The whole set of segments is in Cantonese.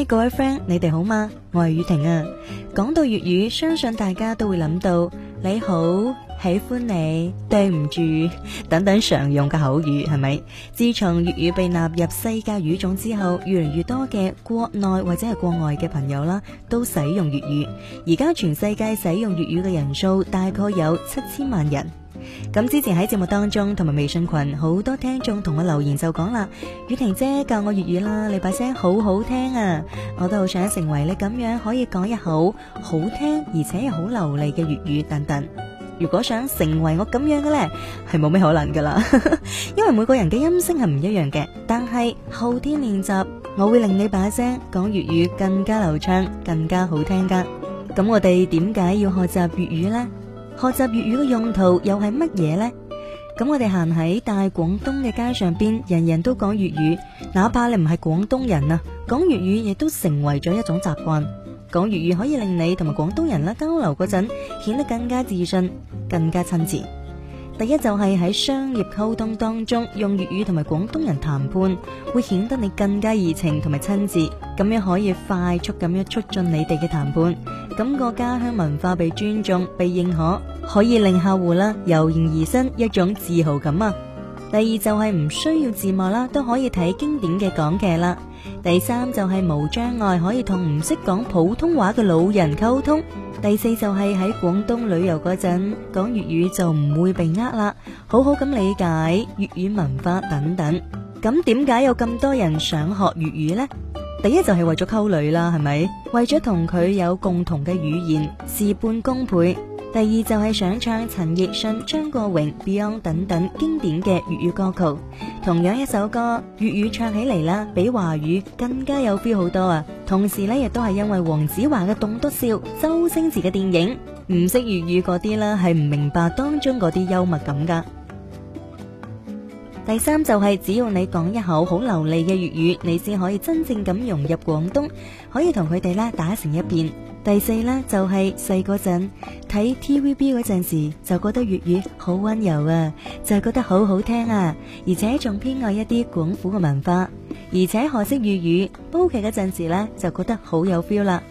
Hey，各位 friend，你哋好嗎？我係雨婷啊。講到粵語，相信大家都會諗到你好、喜歡你、對唔住等等常用嘅口語，係咪？自從粵語被納入世界語種之後，越嚟越多嘅國內或者係國外嘅朋友啦，都使用粵語。而家全世界使用粵語嘅人數大概有七千萬人。咁之前喺節目當中同埋微信群，好多聽眾同我留言就講啦，雨婷姐教我粵語啦，你把聲好好聽啊，我都好想成為你咁樣，可以講一口好聽而且又好流利嘅粵語等等。如果想成為我咁樣嘅呢，係冇咩可能噶啦， 因為每個人嘅音聲係唔一樣嘅。但係後天練習，我會令你把聲講粵語更加流暢，更加好聽噶。咁我哋點解要學習粵語呢？學習粵語嘅用途又係乜嘢呢？咁我哋行喺大廣東嘅街上邊，人人都講粵語，哪怕你唔係廣東人啊，講粵語亦都成為咗一種習慣。講粵語可以令你同埋廣東人啦交流嗰陣，顯得更加自信，更加親切。第一就係喺商業溝通當中，用粵語同埋廣東人談判，會顯得你更加熱情同埋親切，咁樣可以快速咁樣促進你哋嘅談判，感覺家鄉文化被尊重、被認可，可以令客戶啦油然而生一種自豪感啊！第二就係唔需要字幕啦，都可以睇經典嘅港劇啦。第三就係、是、無障礙可以同唔識講普通話嘅老人溝通，第四就係喺廣東旅遊嗰陣講粵語就唔會被呃啦，好好咁理解粵語文化等等。咁點解有咁多人想學粵語呢？第一就係、是、為咗溝女啦，係咪？為咗同佢有共同嘅語言，事半功倍。第二就係想唱陳奕迅、張國榮、Beyond 等等經典嘅粵語歌曲，同樣一首歌，粵語唱起嚟啦，比華語更加有 feel 好多啊！同時咧，亦都係因為黃子華嘅《棟篤笑》，周星馳嘅電影，唔識粵語嗰啲啦，係唔明白當中嗰啲幽默感噶。第三就係只要你講一口好流利嘅粵語，你先可以真正咁融入廣東，可以同佢哋咧打成一片。第四呢，就係細嗰陣睇 TVB 嗰陣時就覺得粵語好溫柔啊，就係覺得好好聽啊，而且仲偏愛一啲廣府嘅文化，而且學識粵語煲劇嗰陣時呢，就覺得好有 feel 啦。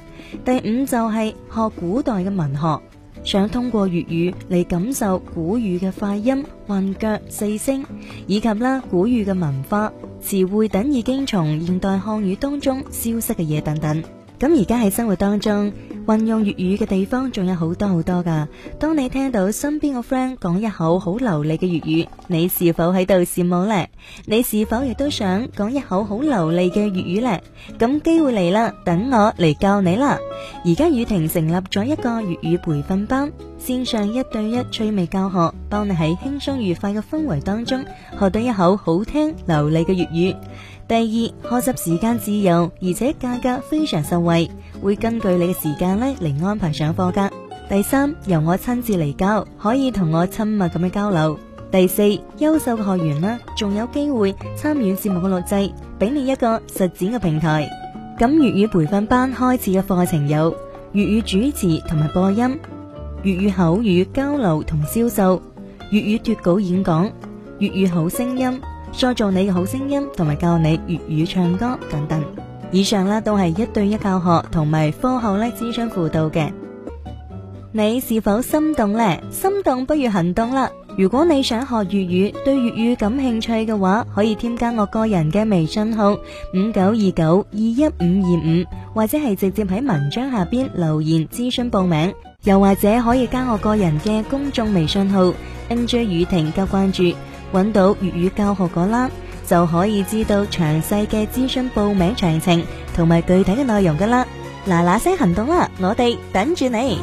第五就係學古代嘅文學，想通過粵語嚟感受古語嘅快音、韻腳、四聲，以及啦古語嘅文化、詞彙等已經從現代漢語當中消失嘅嘢等等。咁而家喺生活當中運用粵語嘅地方仲有好多好多噶。當你聽到身邊個 friend 講一口好流利嘅粵語，你是否喺度羨慕呢？你是否亦都想講一口好流利嘅粵語呢？咁機會嚟啦，等我嚟教你啦。而家雨婷成立咗一個粵語培訓班。線上一對一趣味教學，幫你喺輕鬆愉快嘅氛圍當中學到一口好聽流利嘅粵語。第二，學習時間自由，而且價格非常實惠，會根據你嘅時間咧嚟安排上課噶。第三，由我親自嚟教，可以同我親密咁樣交流。第四，優秀嘅學員啦，仲有機會參與節目嘅錄製，俾你一個實踐嘅平台。咁粵語培訓班開始嘅課程有粵語主持同埋播音，粵語口語交流同銷售，粵語脱稿演講，粵語好聲音，塑造你嘅好聲音，同埋教你粵語唱歌等等。以上啦，都係一對一教學同埋課後呢諮詢輔導嘅。你是否心動呢？心動不如行動啦！如果你想學粵語，對粵語感興趣嘅話，可以添加我個人嘅微信號五九二九二一五二五，25, 或者係直接喺文章下邊留言諮詢報名。又或者可以加我個人嘅公眾微信號 N J 雨婷夠關注，揾到粵語教學嗰啦，就可以知道詳細嘅資訊、報名詳情同埋具體嘅內容噶啦。嗱嗱聲行動啦，我哋等住你。